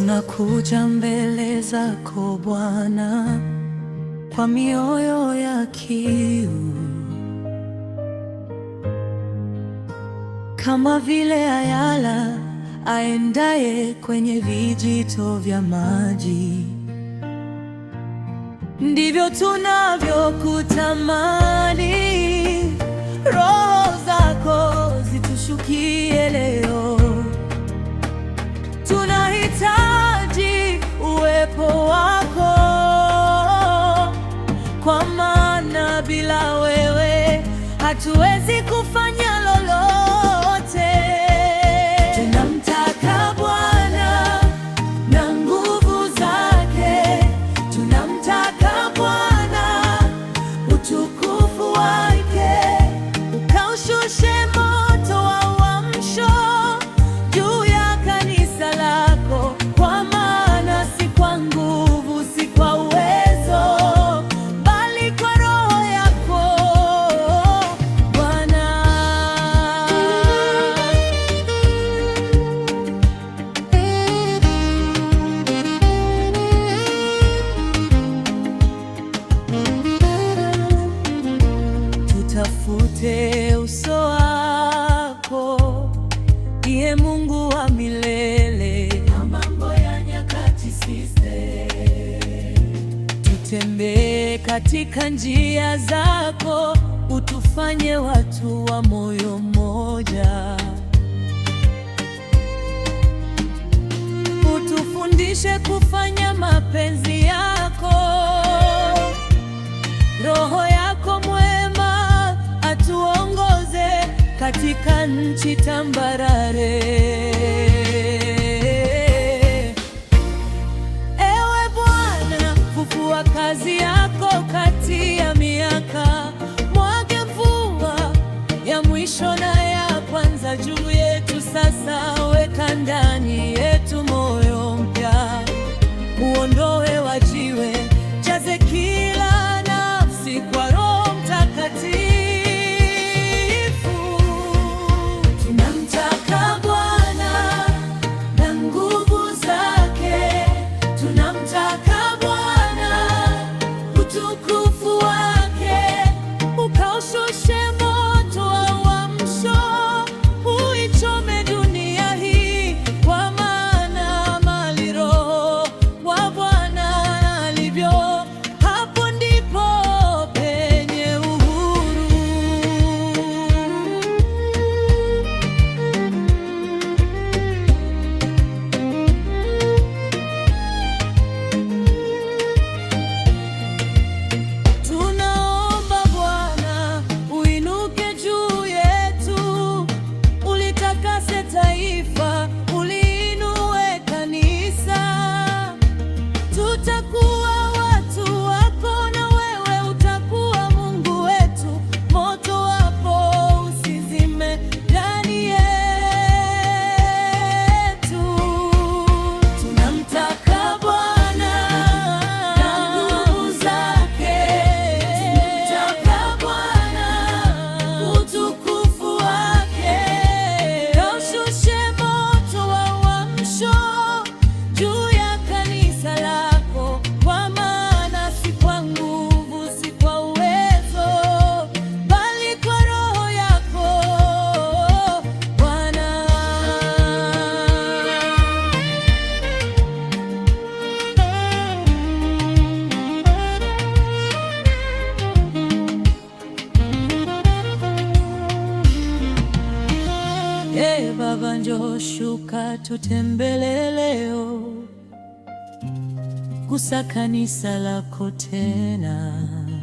Tunakuja mbele zako Bwana kwa mioyo ya kiu, kama vile ayala aendaye kwenye vijito vya maji, ndivyo tunavyokutamani. hatuwezi E, katika njia zako, utufanye watu wa moyo mmoja, utufundishe kufanya mapenzi yako. Roho yako mwema atuongoze katika nchi tambarare. Kazi yako. Majukumu yetu sasa weka ndani eva eh, Baba, njoo shuka, tutembele leo, gusa kanisa lako tena.